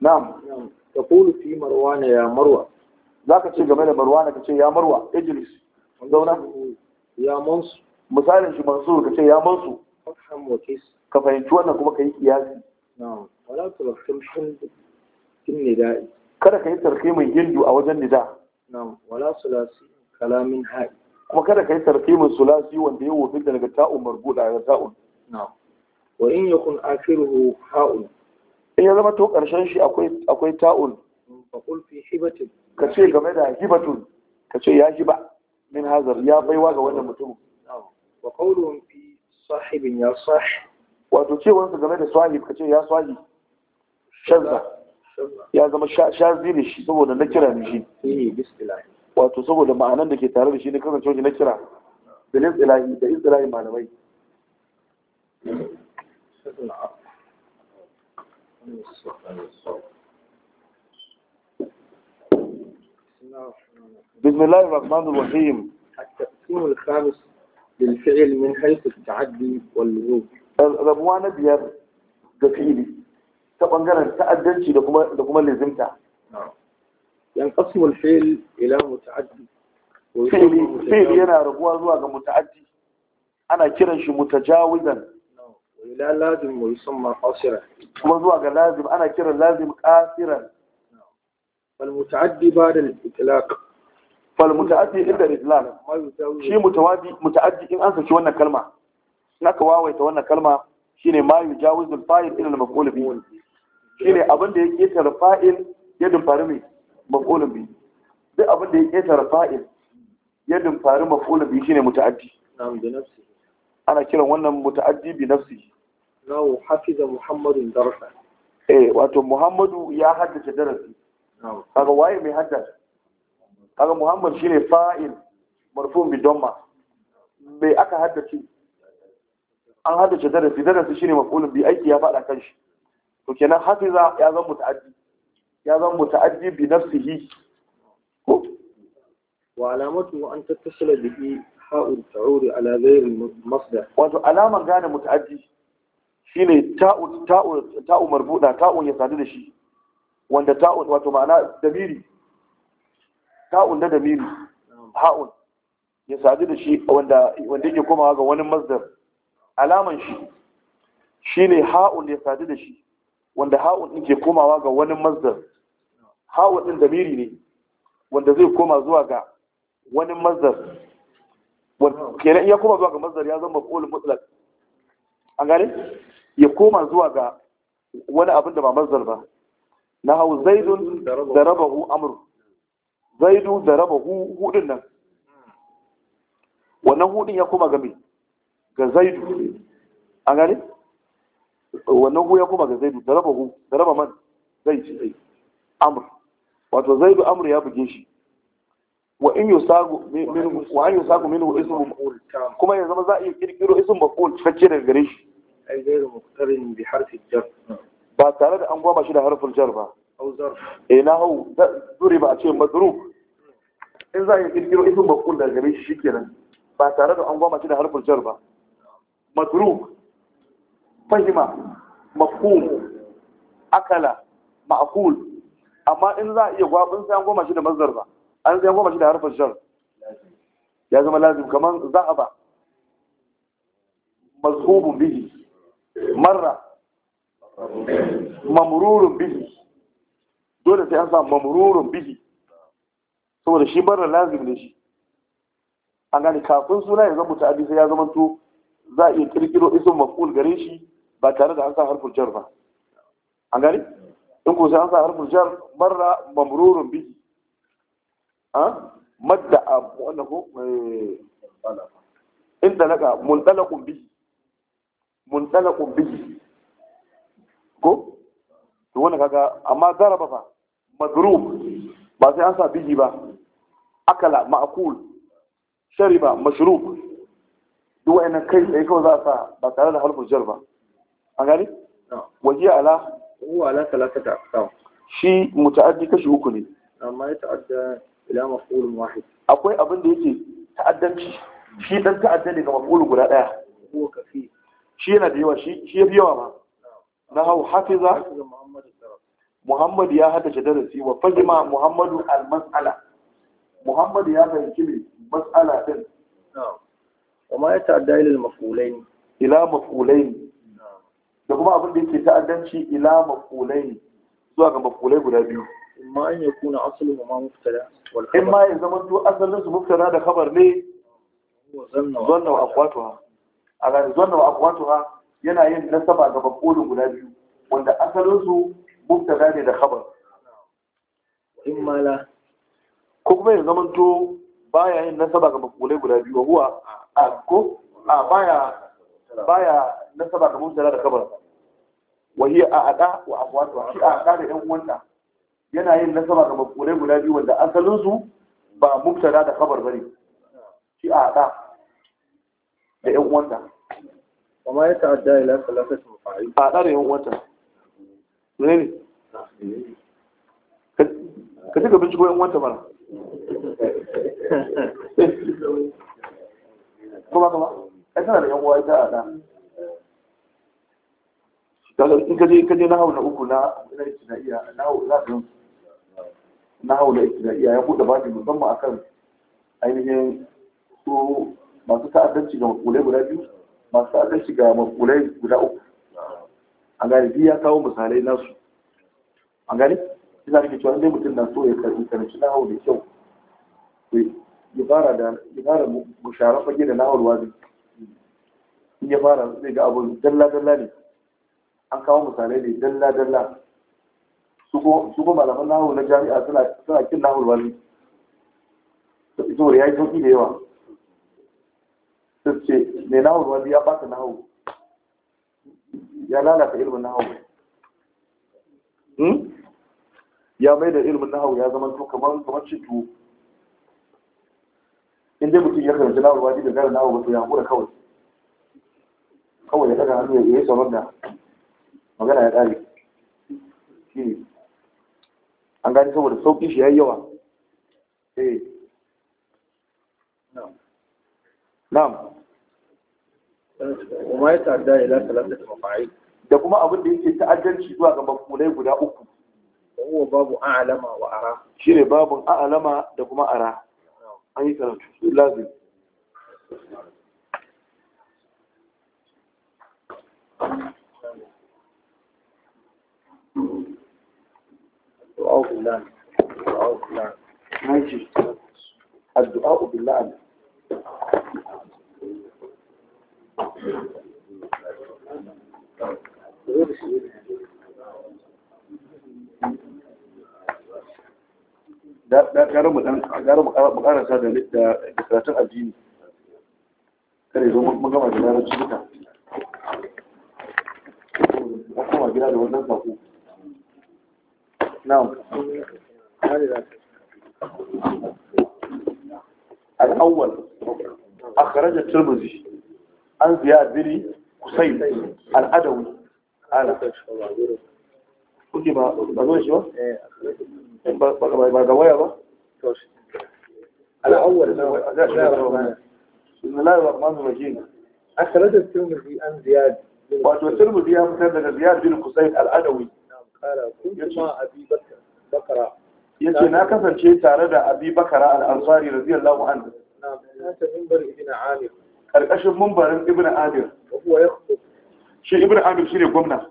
na'am taqulu fi marwana ya marwa zaka ce game da marwana ce ya marwa ijlis zauna ya mansu misalin shi mansur ce ya mansu ka fahimci wannan kuma ka yi kiyasi na'am wala tulakkum hindu kin nida'i kada ka yi sarki mai hindu a wajen nida na'am wala sulasi kalamin ha'i kuma kada ka yi sarki mai sulasi wanda ya wofi daga ta'un marbuda da ta'un na'am wa in yakun akhiruhu ha'un in ya zama to karshen shi akwai ta'ul ka ce game da hibatun ka ce ya hiba min hazar ya baiwa ga wannan mutum wa fi sahibin ya wato ce wanda game da sahib ka ce ya sahib shazza ya zama shazi ne shi saboda na kira ne shi wato saboda ma'anan da ke tare da shi ne kasance shi na kira da istilahi da istilahi malamai بسم الله الرحمن الرحيم التقسيم الخامس للفعل من حيث التعدي واللزوم ربوان بيار دقيلي تقوم جانا تأدلش لكم لزمتا نعم. ينقسم الفعل إلى متعدي فعلي فعلي أنا ربوان ذوك متعدي أنا كرش متجاوزا ila lazim wa yusamma qasiran kuma zuwa ga lazim ana kiran lazim qasiran fal muta'addi ba'da al-itlaq fal muta'addi inda al-itlaq shi mutawadi muta'addi in an saki wannan kalma in aka wawaita wannan kalma shine ma yujawizu al-fa'il ila al-maf'ul bihi shine abin da ya ketare fa'il ya dumfari mai maf'ulun bihi duk abin da ya ketare fa'il ya dumfari maf'ulun bihi shine muta'addi na'am da nafsi ana kiran wannan muta'addi bi nafsi nawo hafiza Muhammadu darasa eh wato muhammadu ya haddace darasi kaga waye mai haddace kaga muhammad shine fa'il marfu bi damma bai aka haddace an haddace darasi darasi shine maf'ulun bi aiki ya fada kanshi to kenan hafiza ya zama muta'addi ya zama muta'addi bi nafsihi ko wa alamatu an tattasila bihi ta'ul ta'uri ala ghairi masdar wato alamar gane muta'addi shine ta'ul ta'ul ta'u marbuda ta'un ya sadu da shi wanda ta'u wato ma'ana damiri ta'un da damiri ha'un ya sadu da shi wanda wanda yake komawa ga wani masdar alaman shi shine ha'un ya sadu da shi wanda ha'u din ke komawa ga wani masdar ha'un din damiri ne wanda zai koma zuwa ga wani masdar kenan ya koma zuwa ga masdar ya zama kolin mutlaq an gane ya koma zuwa ga wani abin da ba masdar ba na hau zaidun hu amur. zaidu hu hudun nan wannan hudun ya koma ga mai ga zaidu an gane wannan hu ya koma ga zaidu da raba man zai ci amur wato zaidu amur ya buge shi wa in yusagu minhu wa an yusagu minhu ismu maf'ul kuma ya zama za a iya kirkiro ismu maf'ul cikakke daga gare shi ai gairu muqtarin bi harfi jar ba tare da an goma shi da harfin jar ba au zarf eh na hau zuri ba a ce madrub in za a iya kirkiro ismu maf'ul daga gare shi shikenan ba tare da an goma shi da harfin jar ba madrub fahima mafhum akala ma'qul amma in za a iya gwabin sai an goma shi da mazdar ba an zai goma shi da harfin jar ya zama lazim kamar ba mazhubun bihi marra mamururun bihi dole sai an sa mamururun bihi saboda shi marra lazim ne shi an gani kafin suna ya zama ta'adi sai ya zama to za a iya kirkiro isin maf'ul gare shi ba tare da an sa harfin jar ba an gani in ko sai an sa harfin jar marra mamururun bihi a madda a ah, wannan ko eh, in talaka muntalaqun bihi muntalaqun bihi ko to wannan kaga amma zaraba fa madrub ba sai an sa bihi ba akala ma'kul shariba mashrub duk wa'annan kai sai kawai za sa ba tare da harfin jar ba an gani waje ala huwa ala talatata aqsam shi muta'addi kashi uku ne amma ya ila maf'ul wahid akwai abin da yake ta'addanci shi dan ta'adda ga maf'ul guda daya ko kafi shi yana da yawa shi shi yafi yawa ma na hau hafiza Muhammad ya hada haddace darasi wa fahima Muhammadu al-mas'ala Muhammad ya fahimci ne mas'ala din Wa ma وما يتعدى إلى المفعولين إلى مفعولين da kuma abin da yake ta'addanci ila maf'ulain zuwa ga maf'ulai guda biyu ma an ya kuna asalin ma muftada in ma ya zama to asalin su mubtada da khabar ne zanna wa aqwatuha ala zanna wa aqwatuha yana yin nasaba ga bakolin guda biyu wanda asalin su mubtada ne da khabar in ma la ko kuma ya zama to baya yin nasaba ga bakolai guda biyu huwa a ko a baya baya nasaba ga muftana da khabar wa hiya a ada wa aqwatuha shi a ada da yan uwanta yana yin nasaba ga makulai guda biyu wanda asalinsu ba mubtada da khabar bane shi a haɗa da ƴan uwanta amma ya ta'adda ila salatati mafa'il a haɗa da ƴan uwanta ne ne ka ci ka binciko ƴan uwanta mana kuma kuma ai tana da ƴan uwa ita a haɗa in ka je na hau na uku na na iya na hau na ka na haula ibtidaiya ya buɗe babi musamman akan ainihin su masu ta'addanci ga makulai guda biyu masu ta'addanci ga makulai guda uku a gane biyu ya kawo misalai nasu a gane ina nake cewa ne mutum na so ya karbi karanci na haula kyau ya fara da ya fara musharar fage da nahawar wazi in ya fara zai ga abu. dalla dalla ne an kawo misalai ne dalla dalla su malaman nahu na jami'a suna kin nahul wali saboda ya yi sauki da yawa su ce mai nahu wali ya bata nahu ya lalata ilimin nahu hmm? ya mai da ilimin nahu ya zama to kamar kamar citu in dai mutum ya karanci nahu wali da gara nahu wato ya hura kawai kawai ya daga hannu ya yi sauran da magana ya ƙare shi ne an gani saboda sauƙi shi ya yi yawa eh. ya da kuma abin da yake ta'addanci zuwa ga mafulai guda uku wa babu a'lama wa ara babu an a'lama da kuma ara an yi karatu lazim الدعاء بالله الدعاء بالله ماشي الدعاء بالله da gara mu dan gara mu karasa da da karatun addini kare zo mun gama da larabci duka kuma gida da wannan نعم الأول أخرج الترمذي عن زياد بن قصيد الأدوي أنا ما ما ما الأول بسم الله الرحمن الرحيم أخرج الترمذي عن زياد الترمذي زياد بن قصيد الأدوي yace na kasance tare da abi bakara al-ansari radiyallahu anhu karkashin mumbarin ibn amir shi ibn amir shine gwamna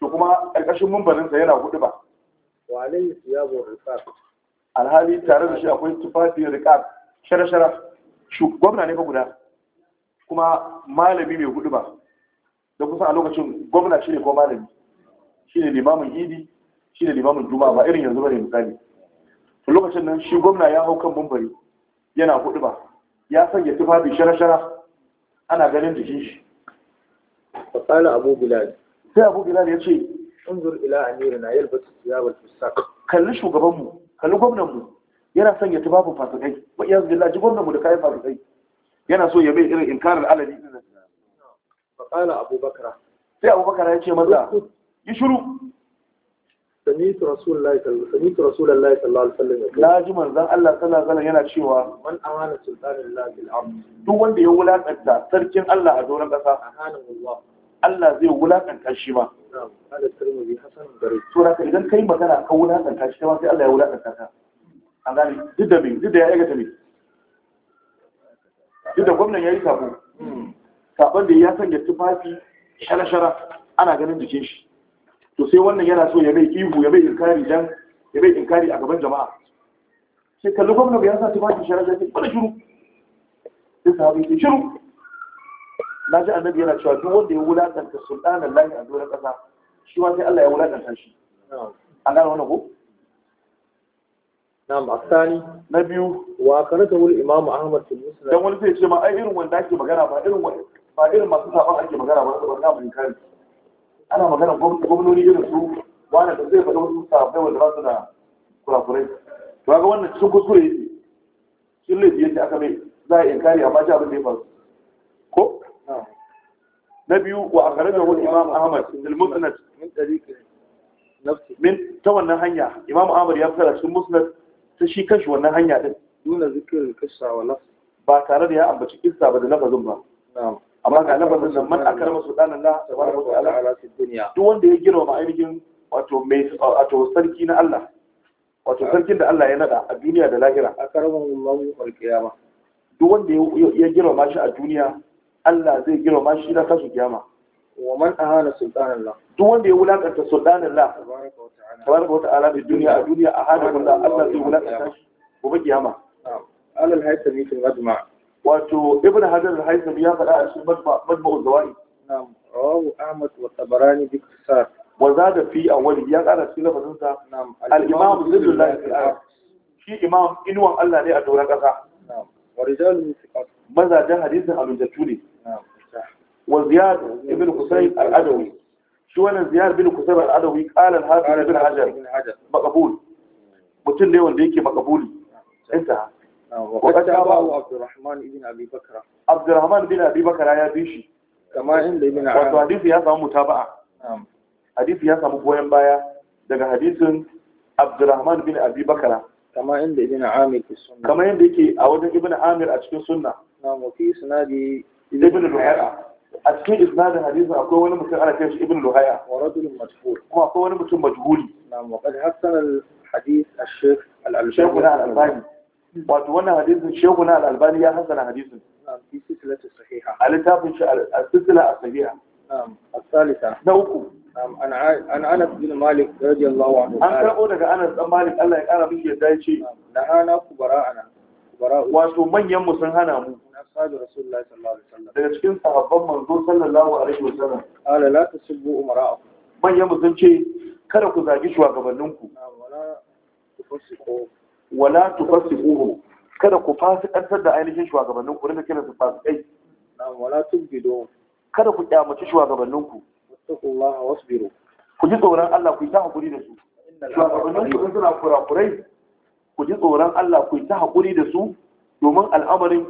to kuma karkashin mumbarin sa yana hudu ba wa alayhi thiyabu rifaq alhali tare da shi akwai tufafi riqab shara-shara shi gwamna ne ba guda kuma malami mai hudu ba da kusan a lokacin gwamna shine ko malami shine limamin idi shine limamin juma'a ba irin yanzu bane misali to lokacin nan shi gwamna ya hau kan mumbari yana hudu ba ya sanya tufafi shara-shara ana ganin jikin shi fasala abu bilal sai abu bilal ya ce unzur ila amirina yalbatu thiyabal fusaq kalli shugaban mu kalli gwamnan mu yana sanya tufafin fasikai wa iyaz billah ji gwamnan mu da kayan fasikai yana so ya bai irin inkarar alali din nan fasala abu bakra sai abu bakra ya ce maza yi shiru سميت رسول الله صلى سميت رسول الله صلى الله عليه وسلم لا جمل ذا الله صلى الله عليه وسلم yana cewa man amana sultan Allah bil amr wanda ya wulakanta sarkin Allah a doron kasa ahana Allah Allah zai wulakanta shi ba Allah tarmizi hasan gari sura ka idan kai magana ka wulakanta shi ma sai Allah ya wulakanta ka an gani duk da me duk da ya me duk da gwamnan yayi sabo hmm. sabon da ya sanya tufafi shara-shara ana ganin jikin shi to sai wannan yana so ya bai ihu ya bai inkari dan ya bai inkari a gaban jama'a sai kalli gwamna ya sa tufafi shara shara bada shiru sai sahabi ke shiru na ji annabi yana cewa duk wanda ya wulakanta sultanan lahi a doron ƙasa shi ma sai Allah ya wulakanta shi an gane wannan ko na asani na biyu wa karanta wani imamu ahmad bin muslim dan wani sai ya ce ma ai irin wanda ake magana ba irin ba irin masu saban ake magana ba ba na mun kare ana magana gwamnoni irin su wane da zai faɗa wasu sabai wanda ba su da kurakurai to ga wannan cikin kuskure yake cikin laifi yadda aka mai za a yi inkari a bashi abin da ya faru ko na biyu wa a garin wani imam ahmad ilmusnad min ta wannan hanya imam ahmad ya fara cikin musnad ta shi kashi wannan hanya din nuna zikirin sawa wa ba tare da ya ambaci kissa ba da lafazin ba amma ga nan man akrama sultanan la tabaraka wa ta'ala fi dunya duk wanda ya girma ainihin wato mai wato sarki na Allah wato sarkin da Allah ya nada a duniya da lahira duk wanda ya girma shi a duniya Allah zai girma shi na kasu kiyama wa man ahana duk wanda ya wulakanta sultanan la tabaraka wa ta'ala fi a duniya ahana kullu Allah zai wulakanta shi gobe kiyama alal fil majma' واتو ابن هذا الهيثم يا فلا اسم مدبع مدبع الزواري نعم او احمد وطبراني دي كسار وزاد في اول يا قال سيلا بنزا نعم الامام زد الله في شي امام انو الله لي ادورا كذا نعم ورجال من ثقات ماذا جاء حديث ابو الجتولي نعم وزياد ابن قصيب الادوي شو انا زياد ابن قصيب الادوي قال هذا ابن حجر مقبول قلت له وين ديكي مقبول نعم. انتهى وقد أباه عبد الرحمن بن أبي بكر عبد الرحمن بن أبي بكر يا بيشي كما عند ابن عامر حديث يا سامو متابعة نعم حديث يا سامو بوين بايا daga hadisin Abdurrahman kama inda ibn Amir fi kama inda yake a wajen ibn Amir a cikin sunna na mu fi sunadi ibn a cikin isnadin hadisin akwai wani mutum ana kai shi ibn Luhaya wa rajulun majhul kuma akwai wani mutum majhuli na mu qad al hadith al-shaykh al-albani wato wannan hadisin shehu na al-albani ya hasana hadisin a littafin shi al-silsila as-sahiha الثالثة نوكو عن أنس an مالك رضي Malik. Allah ya miki wato manyan sun hana mu daga cikin sahabban manzo sallallahu alaihi wasallam ala la tasubbu umara'akum manyan mu sun ce kada ku zagi shugabanninku wala tufasiquhu kada ku fasikantar da ainihin shugabannin ku rinka kiransu fasikai wala tubbidu kada ku ƙyamaci shugabannin ku wasbiru ku ji tsoron Allah ku yi ta hakuri da su shugabannin ku suna kurakurai ku ji tsoron Allah ku yi ta hakuri da su domin al'amarin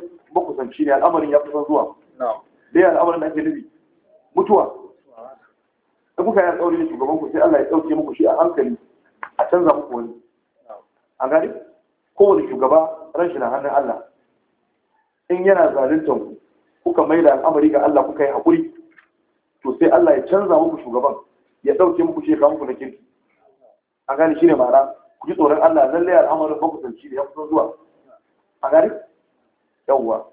san ne al'amarin ya kusan zuwa dai al'amarin da ake nufi mutuwa da kuka yi alƙawari da shugaban ku sai Allah ya ɗauke muku shi a hankali a canza muku wani an gane kowane shugaba rashin a hannun Allah in yana zaluntar ku kuka mai da al'amari ga Allah kuka yi haƙuri to sai Allah ya canza muku shugaban ya ɗauke muku shi ya muku na kirki a gani shi ne ma'ana ku ji tsoron Allah lalle al'amarin ba ku tsanci da ya kusan zuwa a gani yawwa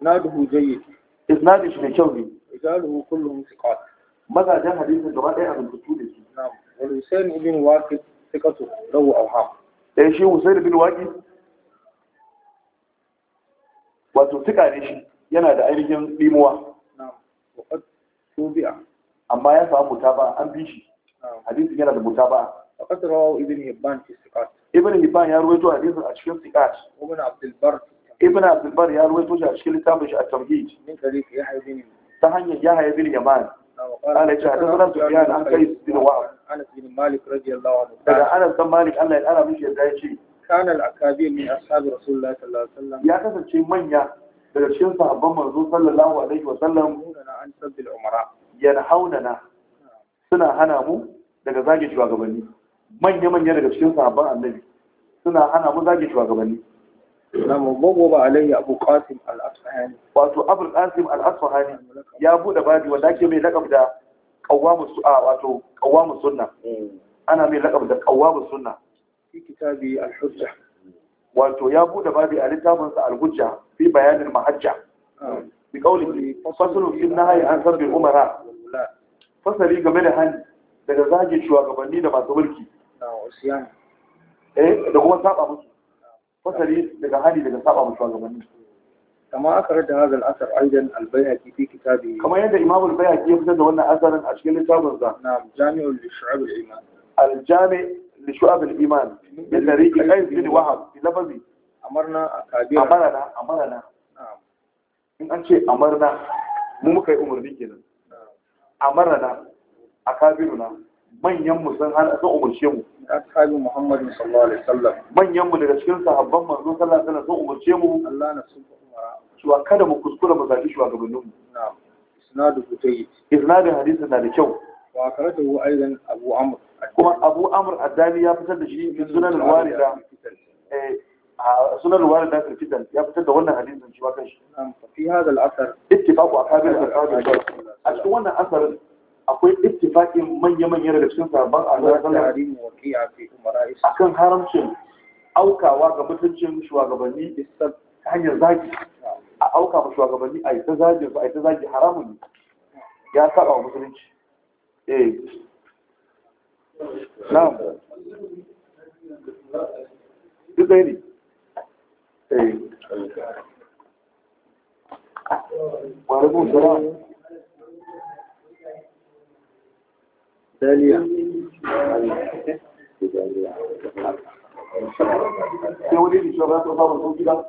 Na isnaduhu jayyid da shi ne kyau ne rijaluhu kullum thiqat mazajen hadisin gaba ɗaya abin kutu da su na'am bin husayn ibn waqid thiqatu rawu awham eh shi husayn ibn waqid wato tuka ne shi yana da ainihin limuwa amma ya samu muta ba an bi shi hadisi yana da muta ba faqat rawahu ibn hibban fi siqat ya rawaito hadisin a cikin siqat ibn abdul ya rawaito shi a cikin litafin shi ta hanyar yahya ibn yaman قال جاء دبر سفيان عن قيس بن وهب عن ابن مالك رضي الله عنه قال انا بن مالك الله يعلم ايش يدعي Kanal al-akabir min ashabi rasulullahi sallallahu alaihi wasallam ya kasance manya daga cikin sahabban manzo sallallahu alaihi wasallam na an da umara yanhaunana suna hana mu daga zage shugabanni manya manya daga cikin sahabban annabi suna hana mu zage shugabanni na mabago ba alayhi abu kasim al-asfahani wato abu kasim al-asfahani ya bude babi wanda ake mai lakab da qawwamu mm. ana mai lakab da qawwamu fi kitabi al-hujja wato ya bude babi a littafin sa al-hujja fi bayanin mahajja bi qawlihi fasalun fi nahyi an sabbi umara fasali game da hani daga zage shugabanni da masu mulki eh da kuma saba musu fasali daga hani daga saba musu shugabanni كما أخرج هذا الأثر أيضا البيهقي في كتابه كما يدى إمام البيهقي يبدأ أن أثرا أشكال كتابه نعم جامع لشعب الإيمان الجامع لشعب الإيمان من طريق قيس بن وهب بلفظي أمرنا أكابيرنا أمرنا أمرنا in an ce amarna mu muka yi umarni kenan a kabiruna manyan mu sun hana sun umarce mu ashabi daga cikin sahabban manzo sallallahu alaihi wasallam umarce mu Allah na kada mu kuskura mu zaki shugabannin mu na'am isnadu na da kyau wa kuma abu amur addami ya fitar da shi min sunan warida eh, a sunan warida kirkitan ya fitar da wannan hadisin shi ba kan shi fi hada al'asar ittifaqu akabil sahabi a cikin wannan asarin akwai ittifaqin manya-manyan daga cikin sahabban annabi akan haramcin aukawa ga mutuncin shugabanni ta hanyar zagi a auka ma shugabanni a yi ta a yi ta zagi haramun ya saba wa musulunci eh, na'am duk ɗaya ne ƙwararrun sura daliya sai wani ne shugaba ta samun sauki ba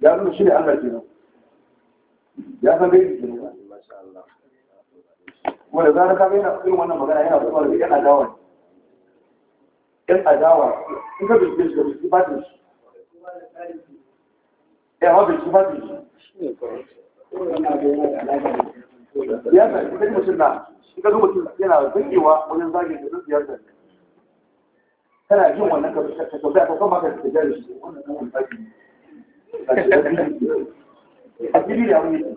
ya nuna shi ne allah kenan ya san gairi kenan wanda zara ka yana cikin wannan magana yana zuwa da yan adawa yan adawa in ka bincike shi ka bincike ba shi ya ma bincike ba shi ta ita mutum na in ka zo mutum yana zakewa wajen zage da zan siyasa. kana jin wannan ka ka tabbata ka kuma ka tabbata shi wannan nan zage a cikin da ya wuce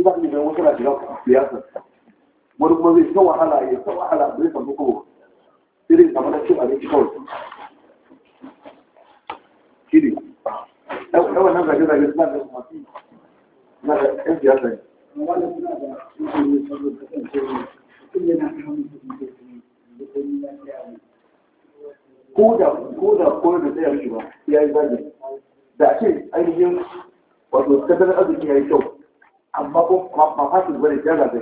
shi za ka nemi na kuma zai ta wahala wahala samu abinci kawai nan zage-zage suna da masu yan da tsayar shi ba ya yi zage da ake ainihin wato tattalin arziki ya yi kyau amma ko ba fatin bane ya zabe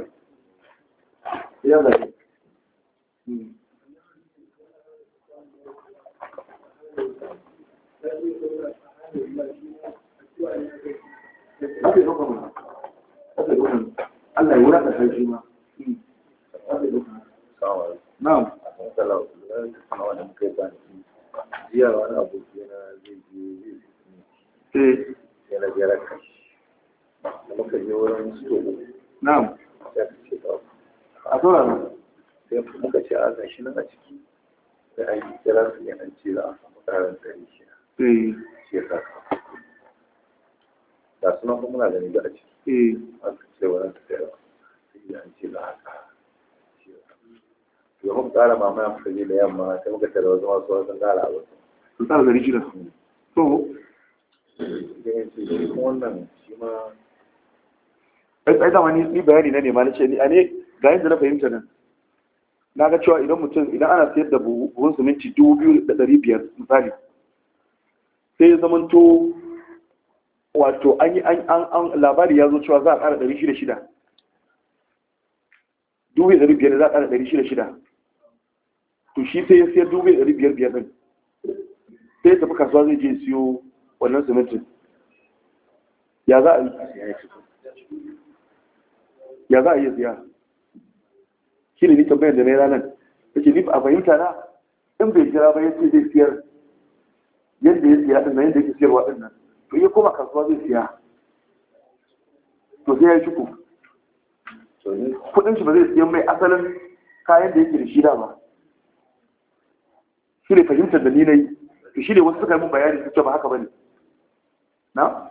ya zabe Allah ya wura da sarki ma. Na'am. wani zai je zai ne. Yana jera kashi. muka yi wurin stobo na'am da ta ce ba a tura nan sai muka ce a gashi nan a ciki sai a yi kira su ne an ce za a samu karin ɗari shi eh. shi ya sa ka da suna kuma muna ganin da a ciki eh. a ce wurin ta tsaye sai an ce za a ƙara domin tsara mamaya muka je da yamma sai muka tare wasu masu wasu tsara a wasu. Sun tsara da shida. Hmm. To. Gani ce shi wannan shi ma ai dama ni ni bayani na ne ma nace ni a ne ga yadda na fahimta nan na ga cewa idan mutum idan ana sayar da buhun siminti dubu biyu da ɗari biyar misali sai ya zamanto wato an yi an an labari ya zo cewa za a ƙara ɗari shida shida dubu ɗari biyar za a ƙara ɗari shida shida to shi sai ya sayar dubu ɗari biyar biyar ɗin sai ya tafi kasuwa zai je siyo wannan simintin ya za a yi ya za a iya siya shi ne nika bayan da na yi ranar ya ce ni a fahimta na in bai jira ba ya ce zai siyar yadda ya siya ɗin nan yadda yake siyarwa ɗin nan to iya koma kasuwa zai siya to sai ya yi shuku kudin shi ba zai siyan mai asalin kayan da yake da shi da ba shi ne fahimtar da ni na yi to shi ne wasu suka yi mun bayani suke ba haka ba ne na?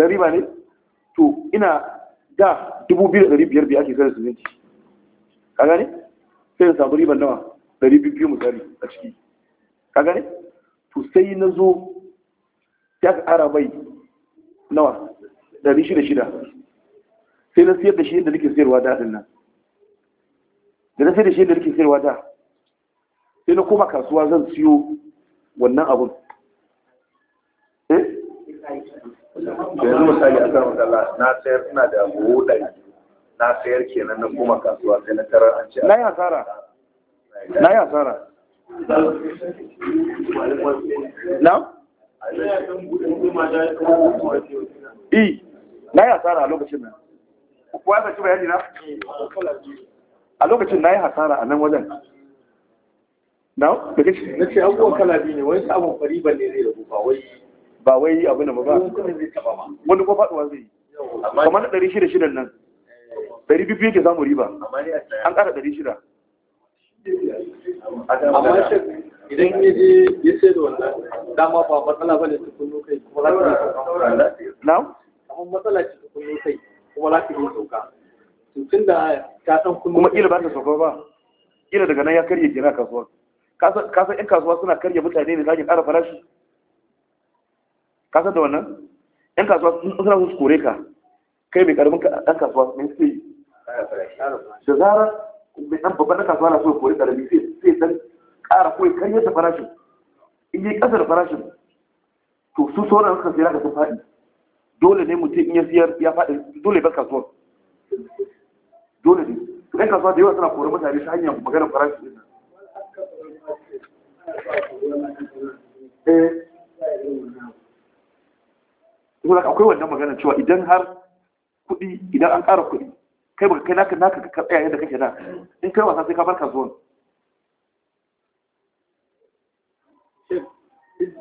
dan riba ne to ina da dubu biyu da ɗari biyar biyar ake sayar siminti ka gane sai na samu riban nawa ɗari biyu biyu misali a ciki ka gane to sai na zo ya ƙara mai nawa ɗari shida shida sai na siyar da shi yadda nake sayarwa da ɗin nan da na sayar da shi yadda nake sayarwa da sai na koma kasuwa zan siyo wannan abun da yanzu misali a kan matsala na sayar ina da buhu ɗari na sayar kenan na koma kasuwa sai na tarar an ce na yi asara na yi asara na? i na yi asara a lokacin nan kuwa ya saci bayani na? a lokacin na yi hasara a nan wajen na? ce abubuwan kala biyu ne wani sabon fariban ne zai rabu ba wai ba wai abu da ba wani ko faɗuwa zai kamar na ɗari shida shidan nan ɗari biyu yake samu riba an ƙara ɗari shida amma idan ya je ya ce da wannan dama ba matsala ba ne tukunno kai kuma za ka yi sauka na kamar matsala ce tukunno kai kuma za ka yi sauka tun da ta san kuma ƙila ba ta sauka ba ƙila daga nan ya karye gina kasuwa ka san ƴan kasuwa suna karya mutane ne za ki ƙara farashi ka san da wannan yan kasuwa sun suna su kore ka kai mai karamin ɗan kasuwa mai sai yi da zara mai ɗan babban ɗan kasuwa na so kore karami sai ɗan ƙara koyi, karyar da farashin in yi ƙasa da farashin to su sauran suka sai ka sun faɗi dole ne mutum in ya siyar ya faɗi dole bar kasuwa. dole ne ɗan kasuwa da yawa suna kore mutane ta hanyar maganar farashin ɗin saboda akwai wannan magana cewa idan har kuɗi idan an ƙara kuɗi kai baka kai naka naka ka tsaya yadda kake da in kai wasa sai ka bar kasuwan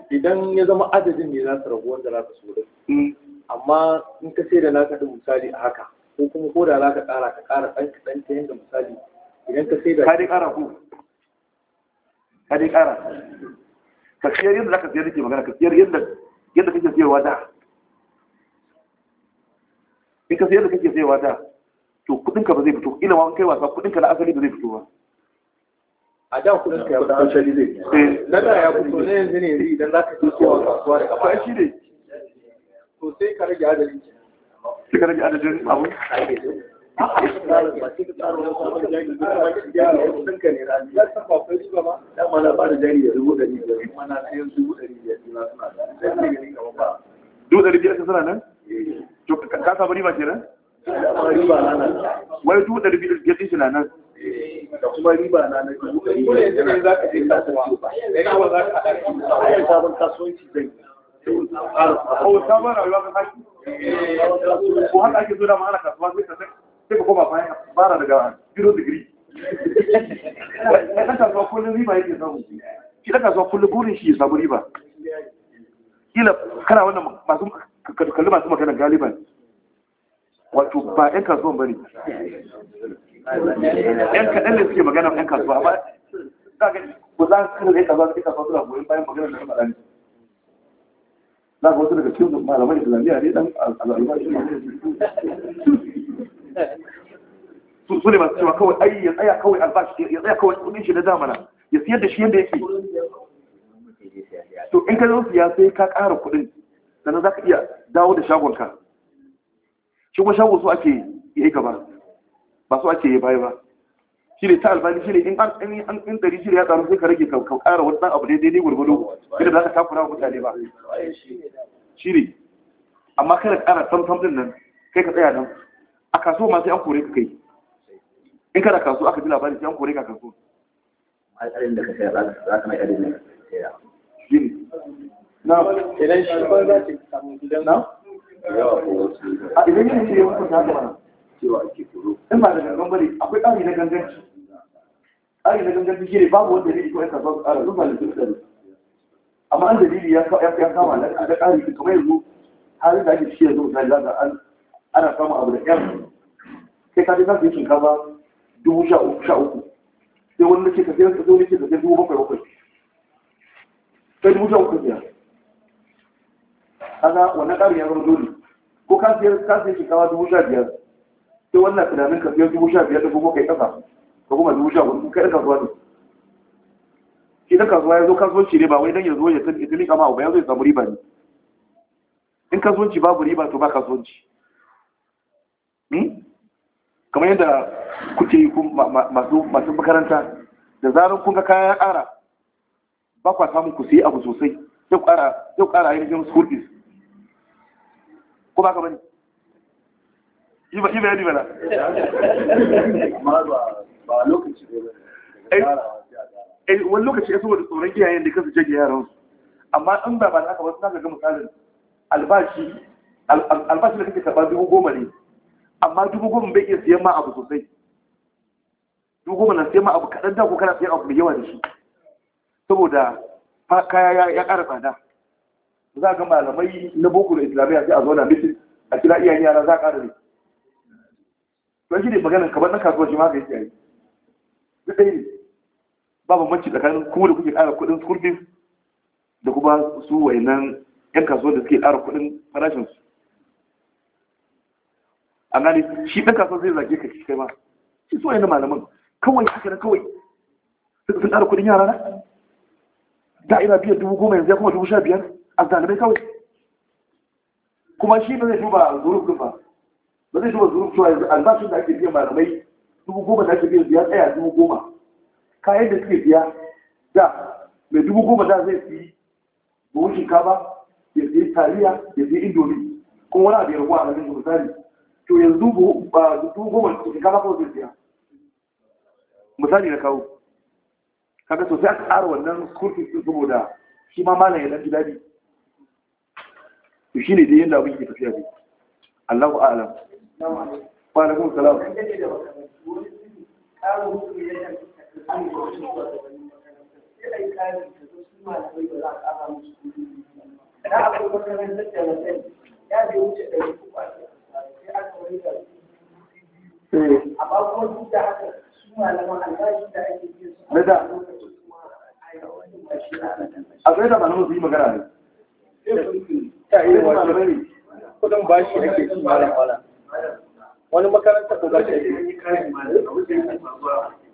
idan ya zama adadin ne za su ragu wanda za su so da mm. amma in ka sai da naka ɗin misali a haka ko kuma ko da za ka ƙara ka ƙara ɗan kaɗan ta yadda misali idan ka sai da ka dai ƙara ku ka dai ƙara ka siyar yadda za ka siyar da ke magana ka siyar yadda yadda kake siyarwa da in ka sayar da kake sayarwa da to kudin ka ba zai fito Ina ma kai wasa kudin ka na asali ba zai fito ba a da kudin ka ya fito asali zai eh. na da ya fito ne yanzu ne idan za ka je kowa kasuwa da kafa shi ne to sai ka rage adadin sai ka rage adadin abu Dubu ɗari biyar suna nan? to ka samu riba kenan riba na nan wai dubu ɗari biyu ya ɗin na nan eh, da kuma riba na nan dubu ɗari biyu ne za ka je kasuwa da yawa za ka haɗa sabon kasuwanci zai ko sabon rayuwa ka saki ko haka ake zo da ma'ana kasuwa sai ka sai ka koma bayan fara daga zero degree ɗan kasuwa kullum riba yake samu shi ɗan kasuwa kullum burin shi ya samu riba kila kana wannan masu ka kalli masu magana galiban wato ba 'yan kasuwan ba ne yan kaɗan da suke magana 'yan kasuwa ba? za ka ku za ka kada da kasuwa suke kasuwa suna goyon bayan magana da kuma ɗan za ka wasu daga cikin da islamiyya ne ɗan al'alba shi su su ne masu cewa kawai ai ya tsaya kawai albashi ya tsaya kawai kudin shi na zamana, ya siyar da shi yadda yake to in ka zo siya sai ka ƙara kuɗin sannan za ka iya dawo da shagonka shi kuma shagon su ake yi gaba ba su ake yi baya ba shi ne ta albani shi ne in an in dari shi ya tsaro sai ka rage ka ƙara wani ɗan abu ne daidai gwargwado yadda za ka takura wa mutane ba shi ne amma kada ƙara tamtam ɗin nan kai ka tsaya nan a kaso ma sai an kore ka kai in kada kaso aka ji labari sai an kore ka kaso. Shi ne. idan shi ba za ta samu gidan na a idan yin shi ya mutu ta gaba cewa ake kuro in ba da gangan bane akwai ƙari na ganganci ƙari na ganganci shi ne babu wanda ne ko ya karɓa su ƙara zuba da dukkan amma an dalili ya kama na ƙari kamar yanzu halin da ake ciki yanzu misali za ka ana samun abu da ƴan kai ka je za ka yi shinkafa dubu sha uku sha uku sai wani nake ka sai wani nake ka sai dubu bakwai bakwai sai dubu sha uku ka kaga wannan ƙarin ya zama dole ko ka siyar ka siyar shinkawa dubu sha biyar sai wannan tunanin ka siyar dubu sha biyar da kuma kai ƙasa ka kuma dubu sha hudu kai kasuwa ne shi da kasuwa ya zo kasuwanci ne ba wai dan ya zo ya tuni tuni kama ba ya zo ya samu riba ne in kasuwanci babu riba to ba kasuwanci hmm? kamar yadda kuke yi masu makaranta da zarar kun ga kaya ya ƙara ba kwa samun ku sayi abu sosai sai ku ƙara ainihin school fees ko ba ka bane yi ba yi bana ba lokaci ba eh, eh, wani lokaci ya saboda tsoron iyayen da kansu jage yaran amma in ba ba haka ba suna ga misalin albashi albashi da kake karɓa dubu goma ne amma dubu goma bai iya siyan ma abu sosai dubu goma na siyan ma abu kaɗan da ko kana siyan abu mai yawa da shi saboda kaya ya ƙara tsada za ga malamai na boko da islamiyya sai a zauna mitin a kira iyayen yara za a ƙara ne To shi ne magana kamar na kasuwa shi ma ga yi duk ɗaya ne ba bambanci tsakanin kuma da kuke ƙara kuɗin school da kuma su wainan yan kasuwa da suke ƙara kuɗin farashin su an gane shi ɗan kasuwa zai zage ka shi kai ma shi su na malaman kawai haka na kawai sun ƙara kuɗin yara na da ina biyar dubu goma yanzu ya kuma dubu sha biyar a zalibai kawai kuma shi ba zai duba zuruf ba ba zai duba zuruf cewa yanzu albashin da ake biyan malamai dubu goma da ake biyan biya tsaya dubu goma kayan da suke biya da mai dubu goma da zai fi buhun shinkafa ya fi taliya ya fi indomi kuma wani abu ya rabuwa a nan misali to yanzu ba dubu goma shinkafa kawai zai biya misali na kawo kaga sosai aka tsara wannan kurfin saboda shi ma malam ya dan daɗi to shine dai yanda abin ke tafiya ne Allahu a'lam wa alaikum salam a tsaye da malamin su yi magana ne irin wannan ne kudin bashi ake ci malam malam wani makaranta ko bashi ake ci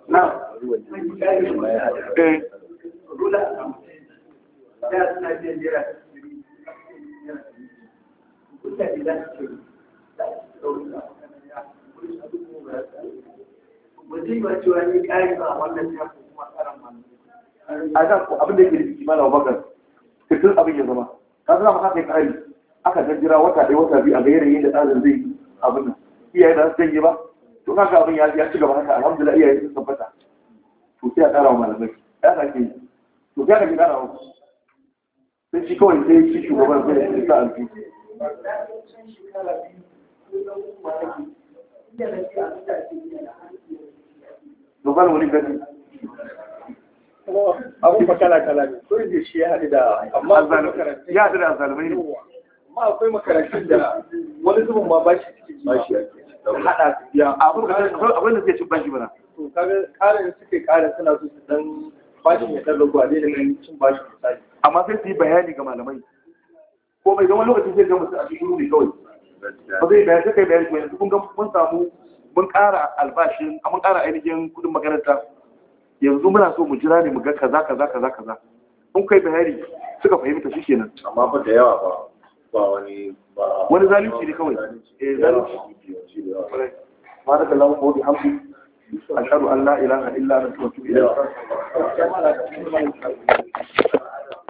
na Mutum ba cewa eh. ni ƙari ba wannan tafi kuma tsarin manu. A kan abin da ke da jiki mana bakar, kirkin abin ya zama. ka zama haka ya ƙari aka ga jira wata ɗaya wata biyu a ga yin da tsarin zai abin nan iyaye da su janye ba to kaga abin ya ci gaba haka alhamdulillah iyaye sun tabbata to sai a ƙara wa malamai ya ka ke to sai aka ke ƙara wa sai shi kawai sai shi shugaban sai ya sa alfi to wani gani abun ba kala kala ne ko ji shi ya haɗu da amma ya haɗu da azalmai ne amma akwai makarantun da wani zubin ma bashi cikin bashi ake haɗa ya abun da suke cin bashi bana to kaga ƙarin suke ƙara suna so su dan bashi ya dan ragu a da kan cin bashi misali amma sai su yi bayani ga malamai ko mai zama lokacin zai gama su a cikin ne kawai ba zai bayani sai kai bayani ko yanzu kun ga mun samu mun ƙara albashin mun ƙara ainihin kuɗin makaranta yanzu muna so mu jira ne mu ga kaza kaza kaza kaza kun kai bayani suka fahimta shi kenan amma ba da yawa ba ba wani ba wani zalunci ne kawai eh zalunci ba da kallon mu bi hamdu ashhadu an la ilaha illa anta wa atubu ilayk